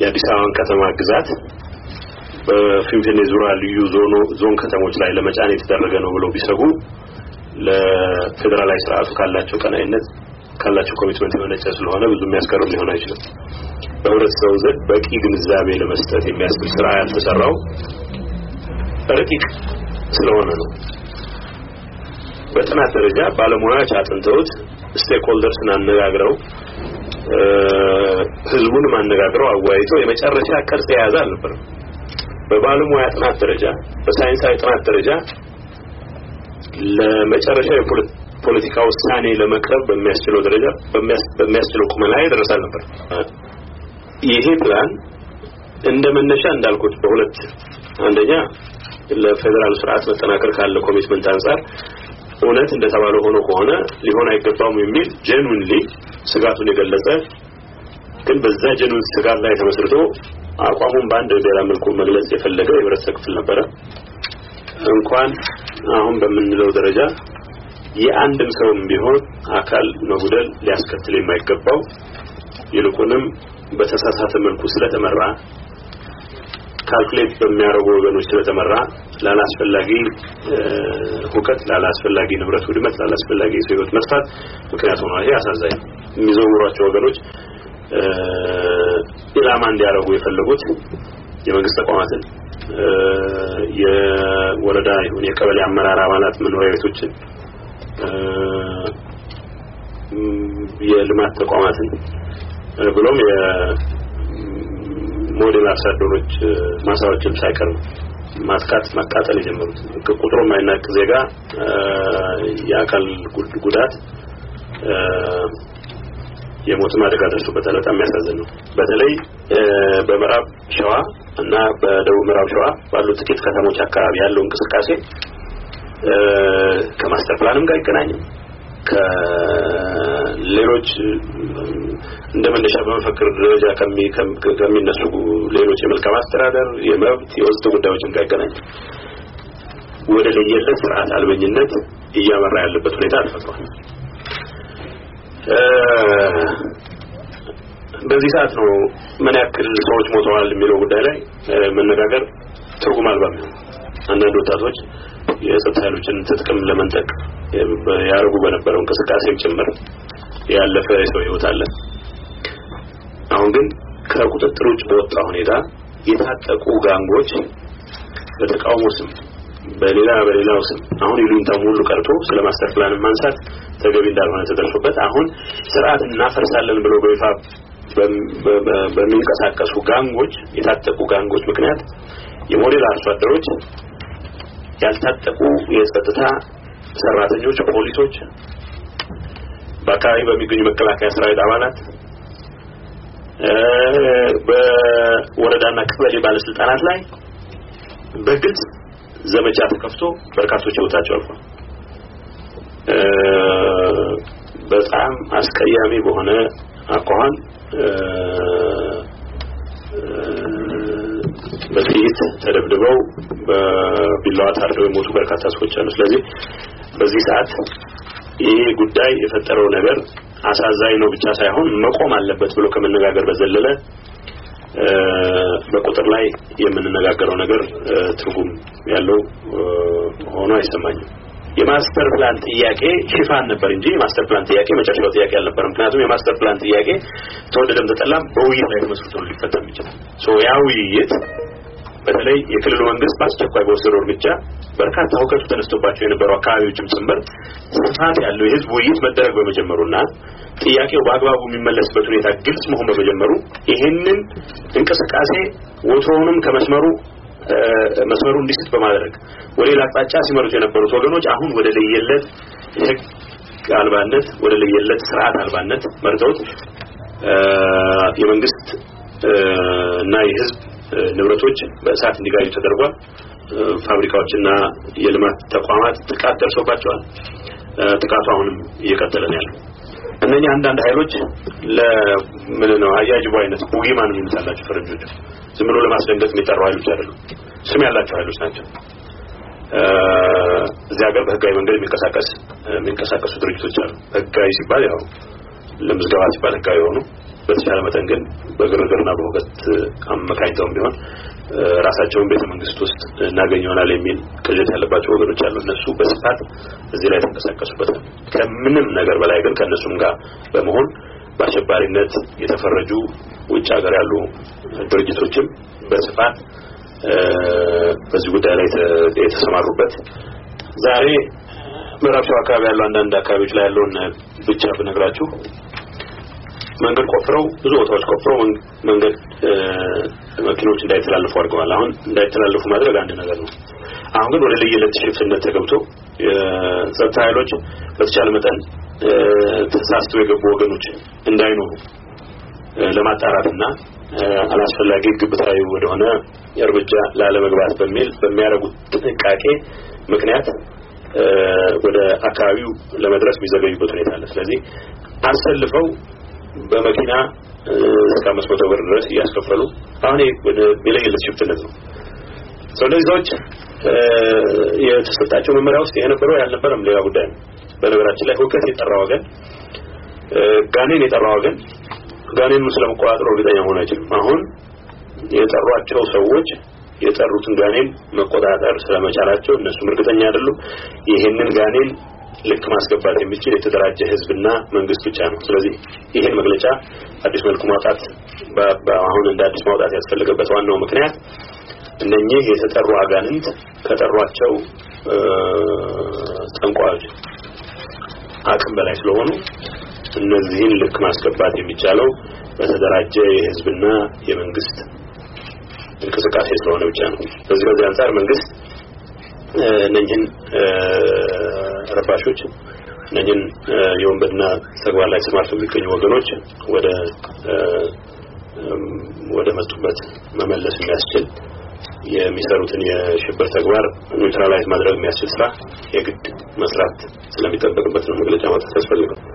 የአዲስ አበባን ከተማ ግዛት በፊንፊኔ ዙሪያ ልዩ ዞኖ ዞን ከተሞች ላይ ለመጫን የተደረገ ነው ብለው ቢሰጉ ለፌዴራላዊ ስርዓቱ ካላቸው ቀናይነት ካላቸው ኮሚትመንት የመነጨ ስለሆነ ብዙ የሚያስቀርም ሊሆን አይችልም። በህብረተሰቡ ዘንድ በቂ ግንዛቤ ለመስጠት የሚያስችል ስራ ያልተሰራው ረቂቅ ስለሆነ ነው። በጥናት ደረጃ ባለሙያዎች አጥንተውት ስቴክሆልደርስን አነጋግረው ህዝቡን ማነጋግረው አወያይተው የመጨረሻ ቅርጽ የያዘ አልነበረም። በባለሙያ ጥናት ደረጃ በሳይንሳዊ ጥናት ደረጃ ለመጨረሻ የፖለቲካ ውሳኔ ለመቅረብ በሚያስችለው ደረጃ በሚያስችለው ቁመና ላይ ደረሰ አልነበረ። ይሄ ፕላን እንደ መነሻ እንዳልኩት በሁለት አንደኛ ለፌዴራል ስርዓት መጠናከር ካለ ኮሚትመንት አንጻር እውነት እንደተባለው ሆኖ ከሆነ ሊሆን አይገባውም የሚል ጀኑንሊ ስጋቱን የገለጸ ግን በዛ ጀኑን ስጋት ላይ ተመስርቶ አቋሙን በአንድ ሌላ መልኩ መግለጽ የፈለገ የህብረተሰብ ክፍል ነበረ። እንኳን አሁን በምንለው ደረጃ የአንድም ሰውም ቢሆን አካል መጉደል ሊያስከትል የማይገባው ይልቁንም በተሳሳተ መልኩ ስለተመራ ካልኩሌት በሚያደርጉ ወገኖች ስለተመራ ላላስፈላጊ ሁከት፣ ላላስፈላጊ ንብረት ውድመት፣ ላላስፈላጊ ህይወት መስፋት ምክንያት ሆኗል። ይሄ አሳዛኝ ነው። የሚዘውሯቸው ወገኖች ኢላማ እንዲያደርጉ የፈለጉት የመንግስት ተቋማትን የወረዳ ይሁን የቀበሌ አመራር አባላት መኖሪያ ቤቶችን፣ የልማት ተቋማትን ብሎም የሞዴል አርሶ አደሮች ማሳዎችም ሳይቀር ማጥቃት ማቃጠል የጀመሩት ቁጥሩ የማይናቅ ዜጋ የአካል ጉዳት የሞትም አደጋ ደርሶበታል። በጣም የሚያሳዝን ነው። በተለይ በምዕራብ ሸዋ እና በደቡብ ምዕራብ ሸዋ ባሉ ጥቂት ከተሞች አካባቢ ያለው እንቅስቃሴ ከማስተር ፕላንም ጋር አይገናኝም። ከሌሎች እንደ መነሻ በመፈክር ደረጃ ከሚነሱ ሌሎች የመልካም አስተዳደር፣ የመብት፣ የወስድ ጉዳዮችም ጋር አይገናኝም። ወደ ለየለት ስርዓት አልበኝነት እያመራ ያለበት ሁኔታ አልፈጥሯል። በዚህ ሰዓት ነው ምን ያክል ሰዎች ሞተዋል የሚለው ጉዳይ ላይ መነጋገር ትርጉም አልባ ነው። አንዳንድ ወጣቶች የጸጥታ ኃይሎችን ትጥቅም ለመንጠቅ ያደርጉ በነበረው እንቅስቃሴም ጭምር ያለፈ የሰው ህይወት አለ። አሁን ግን ከቁጥጥር ውጭ በወጣ ሁኔታ የታጠቁ ጋንጎች በተቃውሞ ስም በሌላ በሌላው ስም አሁን ይሉኝታም ሁሉ ቀርቶ ስለ ማስተር ፕላን ማንሳት ተገቢ እንዳልሆነ ተደርሶበት አሁን ስርዓት እናፈርሳለን ብለው በይፋ በሚንቀሳቀሱ ጋንጎች የታጠቁ ጋንጎች ምክንያት የሞዴል አርሶ አደሮች ያልታጠቁ የጸጥታ ሰራተኞች፣ ፖሊሶች፣ በአካባቢ በሚገኙ መከላከያ ሰራዊት አባላት፣ በወረዳና ቀበሌ ባለስልጣናት ላይ በግልጽ ዘመቻ ተከፍቶ በርካቶች ህይወታቸው አልፏል። በጣም አስቀያሚ በሆነ አኳኋን በጥይት ተደብድበው በቢላዋ ታርደው የሞቱ በርካታ ሰዎች አሉ። ስለዚህ በዚህ ሰዓት ይሄ ጉዳይ የፈጠረው ነገር አሳዛኝ ነው ብቻ ሳይሆን መቆም አለበት ብሎ ከመነጋገር በዘለለ በቁጥር ላይ የምንነጋገረው ነገር ትርጉም ያለው ሆኖ አይሰማኝም። የማስተር ፕላን ጥያቄ ሽፋን ነበር እንጂ የማስተር ፕላን ጥያቄ መጨረሻው ጥያቄ አልነበረም። ምክንያቱም የማስተር ፕላን ጥያቄ ተወደደም ተጠላም በውይይት ላይ ተመስርቶ ሊፈታም ይችላል። ሶ ያ ውይይት በተለይ የክልሉ መንግስት በአስቸኳይ በወሰደው እርምጃ በርካታ ሁከቱ ተነስቶባቸው የነበሩ አካባቢዎችም ጭምር ስፋት ያለው የህዝብ ውይይት መደረግ በመጀመሩና ጥያቄው በአግባቡ የሚመለስበት ሁኔታ ግልጽ መሆን በመጀመሩ ይህንን እንቅስቃሴ ወትሮውንም ከመስመሩ መስመሩ እንዲስት በማድረግ ወደ ሌላ አቅጣጫ ሲመሩት የነበሩት ወገኖች አሁን ወደ ለየለት ህግ አልባነት ወደ ለየለት ስርዓት አልባነት መርተውት የመንግስት እና የህዝብ ንብረቶች በእሳት እንዲጋዩ ተደርጓል። ፋብሪካዎችና የልማት ተቋማት ጥቃት ደርሶባቸዋል። ጥቃቱ አሁንም እየቀጠለ ነው ያለው። እነኚህ አንዳንድ ኃይሎች ለምን ነው አያጅቦ አይነት ውጊማ ነው የሚመጣላቸው ፈረንጆች ዝም ብሎ ለማስደንገጥ የሚጠሩ ኃይሎች አይደሉም። ስም ያላቸው ኃይሎች ናቸው። እዚህ ሀገር በህጋዊ መንገድ የሚንቀሳቀስ የሚንቀሳቀሱ ድርጅቶች አሉ። ህጋዊ ሲባል ያው ለምዝገባ ሲባል ህጋዊ የሆኑ በተቻለ መጠን ግን በግርግርና በሁከት አመካኝተውም ቢሆን ራሳቸውን ቤተ መንግስት ውስጥ እናገኝ ይሆናል የሚል ቅዠት ያለባቸው ወገኖች አሉ። እነሱ በስፋት እዚህ ላይ ተንቀሳቀሱበት። ከምንም ነገር በላይ ግን ከእነሱም ጋር በመሆን በአሸባሪነት የተፈረጁ ውጭ ሀገር ያሉ ድርጅቶችም በስፋት በዚህ ጉዳይ ላይ የተሰማሩበት ዛሬ ምዕራብ ሸዋ አካባቢ ያሉ አንዳንድ አካባቢዎች ላይ ያለውን ብቻ ብነግራችሁ መንገድ ቆፍረው ብዙ ቦታዎች ቆፍረው መንገድ መኪኖች እንዳይተላለፉ አድርገዋል። አሁን እንዳይተላለፉ ማድረግ አንድ ነገር ነው። አሁን ግን ወደ ለየለት ሽፍነት ተገብቶ የጸጥታ ኃይሎች በተቻለ መጠን ተሳስተው የገቡ ወገኖች እንዳይኖሩ ለማጣራትና አላስፈላጊ ግብታዊ ወደሆነ እርምጃ ላለመግባት በሚል በሚያደርጉት ጥንቃቄ ምክንያት ወደ አካባቢው ለመድረስ የሚዘገዩበት ሁኔታ አለ። ስለዚህ አሰልፈው በመኪና እስከ አምስት መቶ ብር ድረስ እያስከፈሉ አሁን የለየለት ሽፍትነት ነው። እነዚህ ሰዎች የተሰጣቸው መመሪያ ውስጥ የነበረው ያልነበረም ሌላ ጉዳይ ነው። በነገራችን ላይ ሁከት የጠራ ወገን፣ ጋኔን የጠራ ወገን ጋኔን ስለመቆጣጠሩ እርግጠኛ መሆን አይችልም። አሁን የጠሯቸው ሰዎች የጠሩትን ጋኔን መቆጣጠር ስለመቻላቸው እነሱም እርግጠኛ አይደሉም። ይህንን ጋኔን ልክ ማስገባት የሚችል የተደራጀ ህዝብና መንግስት ብቻ ነው። ስለዚህ ይሄን መግለጫ አዲስ መልኩ ማውጣት አሁን እንደ አዲስ ማውጣት ያስፈለገበት ዋናው ምክንያት እነኚህ የተጠሩ አጋንንት ከጠሯቸው ጠንቋዮች አቅም በላይ ስለሆኑ እነዚህን ልክ ማስገባት የሚቻለው በተደራጀ የህዝብና የመንግስት እንቅስቃሴ ስለሆነ ብቻ ነው። በዚህ በዚህ አንጻር መንግስት እነኚህን ተረባሾች እነኝን የወንበድና ተግባር ላይ ተሰማርተው የሚገኙ ወገኖች ወደ ወደ መጡበት መመለስ የሚያስችል የሚሰሩትን የሽብር ተግባር ኒውትራላይዝ ማድረግ የሚያስችል ስራ የግድ መስራት ስለሚጠበቅበት ነው መግለጫ ማውጣት ያስፈልጋል።